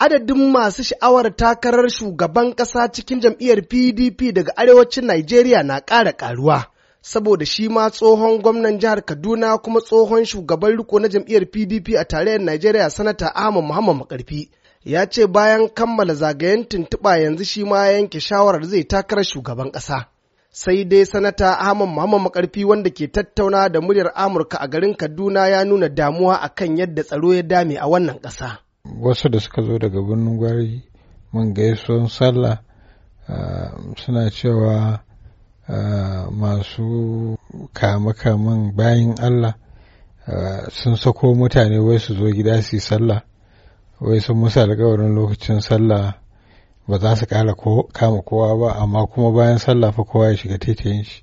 adadin masu sha'awar takarar shugaban ƙasa cikin jam'iyyar PDP daga arewacin Najeriya na ƙara ƙaruwa. Saboda shi ma tsohon gwamnan jihar Kaduna kuma tsohon shugaban riko na jam'iyyar PDP a tarayyar Najeriya sanata Ahmad Muhammad Makarfi ya ce bayan kammala zagayen tuntuɓa yanzu shi ma yanke shawarar zai takarar shugaban ƙasa. sai dai sanata Ahmad Muhammad Makarfi wanda ke tattauna da muryar Amurka a garin Kaduna ya nuna damuwa akan yadda tsaro ya dame a wannan ƙasa. wasu da suka zo daga birnin gwari mun gaisuwan sallah suna cewa masu kama-kaman bayan allah sun sako mutane wai su zo gida su yi sallah wai sun musu alkawarin lokacin sallah ba za su kara kama kowa ba amma kuma bayan sallah fa kowa ya shiga tetayen shi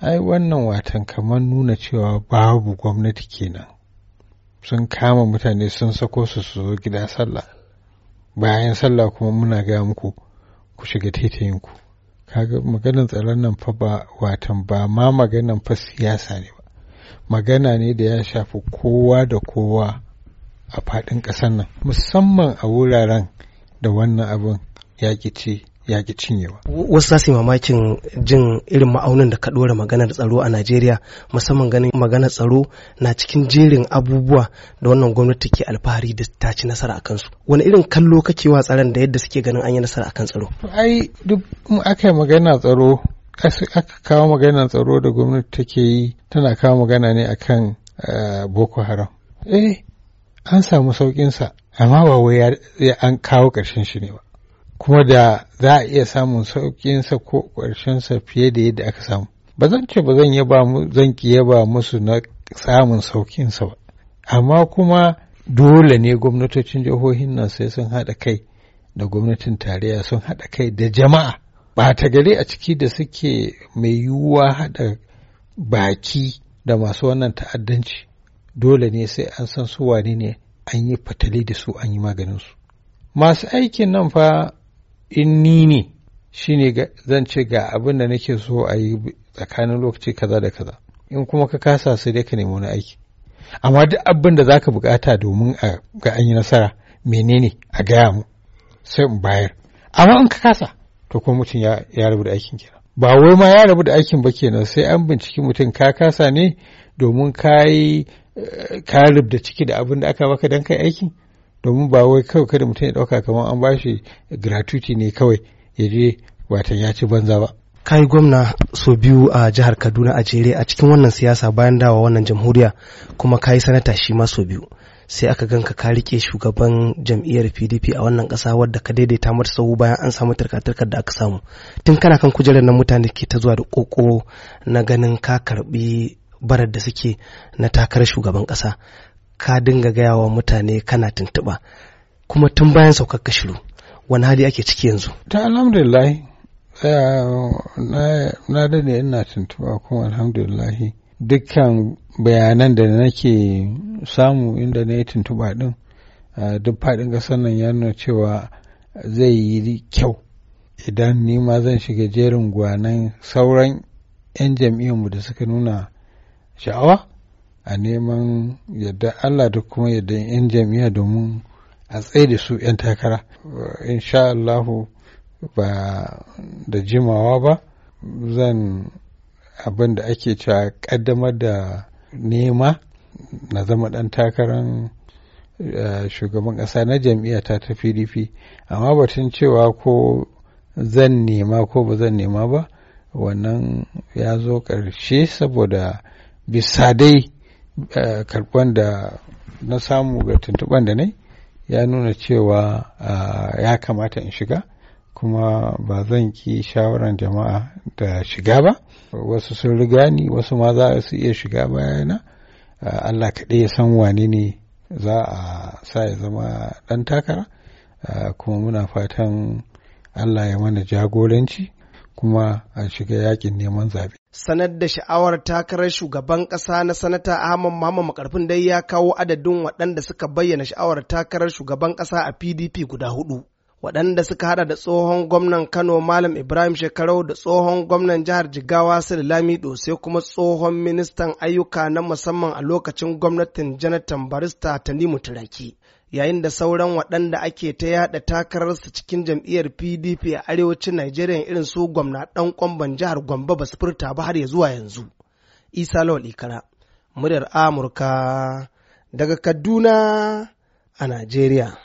ai wannan watan kamar nuna cewa babu gwamnati kenan sun kama mutane sun sako su su zo gida sallah bayan sallah kuma muna gaya muku ku shiga taitayinku kaga maganar tsaron nan fa ba watan ba ma maganar fa siyasa ne ba magana ne da ya shafi kowa da kowa a faɗin ƙasar nan musamman a wuraren da wannan abin ya ce ya ki cinyewa. Wasu za mamakin jin irin ma'aunin da ka ɗora maganar tsaro a Najeriya musamman ganin maganar tsaro na cikin jerin abubuwa da wannan gwamnati ke alfahari da ta ci nasara a kansu. Wani irin kallo kake wa tsaron da yadda suke ganin an yi nasara a kan tsaro? Ai duk aka yi magana tsaro aka kawo magana tsaro da gwamnati take yi tana kawo magana ne akan eh, Boko Haram. Eh an samu sauƙinsa amma ba wai an kawo ƙarshen shi ne ba. kuma da za a iya samun sauƙinsa ko sa fiye da yadda aka samu ba zan ce ba zan yaba zan ki yaba musu na samun sauƙinsa ba amma kuma dole ne gwamnatocin jihohin nan sai sun haɗa kai da gwamnatin tarayya sun haɗa kai da jama'a ba ta gari a ciki da suke mai yiwuwa haɗa baki da masu wannan ta'addanci dole ne sai an san su wane ne an yi fatali da su an yi su. masu aikin nan fa in ni ne shine zan ce ga abin da nake so a yi tsakanin lokaci kaza da kaza in kuma ka kasa sai dai ka nemi wani aiki amma duk abin da zaka bukata domin a ga an yi nasara menene a gaya mu sai in bayar amma in ka kasa to kuma mutum ya rabu da aikin kenan ba wai ma ya rabu da aikin ba kenan sai an binciki mutum ka kasa ne domin ka yi eh, ka rubda ciki da abin da aka baka don kai aikin domin ba wai kawai kada mutum ya ɗauka kamar an ba shi gratuity ne kawai ya je watan ya ci banza ba kai gwamna so biyu a jihar kaduna a jere a cikin wannan siyasa bayan dawa wannan jamhuriya kuma kayi sanata shi ma so biyu sai aka ganka ka rike shugaban jam'iyyar pdp a wannan ƙasa wadda ka daidaita mata sau bayan an samu tarkatarkar da aka samu tun kana kan kujerar nan mutane ke ta zuwa da ƙoƙo na ganin ka karɓi barar da suke na takarar shugaban ƙasa ka dinga gaya wa mutane kana tuntuɓa kuma tun bayan saukar ka shiru wani hali ake ciki yanzu ta alhamdulillah eh, na dade ina tuntuɓa kuma alhamdulillah dukkan bayanan da nake samu inda na yi tuntuɓa din, eh, duk faɗin ƙasar nan ya nuna cewa zai yi kyau idan ni ma zan shiga jerin gwanan sauran 'yan jam'iyyarmu da suka nuna sha'awa a neman yadda Allah da kuma yadda 'yan jami'a domin a tsaye da su 'yan takara. Insha Allahu ba da jimawa ba zan abin da ake cewa kaddamar da nema na zama ɗan takarar eh, shugaban ƙasa na jami'a ta ta pdp amma batun cewa ko zan nema ko ba zan nema ba wannan ya zo ƙarshe saboda bisa dai Eh, karɓar da na samu ga tuntuɓar da nai ya nuna cewa eh, ya kamata in shiga kuma ba zan ki shawaran jama'a da shiga ba wasu sun riga ni wasu ma za su iya shiga bayana eh, Allah kaɗai ya san wane ne za a sa ya zama ɗan takara kuma muna fatan Allah ya mana jagoranci kuma a shiga yakin neman zaɓe. Sanar da sha'awar takarar shugaban ƙasa na sanata Ahmad Muhammad Makarfin dai ya kawo adadin waɗanda suka bayyana sha'awar takarar shugaban ƙasa a PDP guda hudu. Waɗanda suka haɗa da tsohon gwamnan Kano Malam Ibrahim Shekarau da tsohon gwamnan jihar Jigawa Sir Lamido sai kuma tsohon ministan ayyuka na musamman a lokacin gwamnatin Jonathan Barista Tanimu Turaki. yayin da sauran waɗanda ake ta yaɗa takararsa cikin jam'iyyar pdp a arewacin nigeria irin su gwamna ɗan kwamban jihar gombe ba su furta ba har ya zuwa yanzu isa lawal ikara muryar amurka daga kaduna a nigeria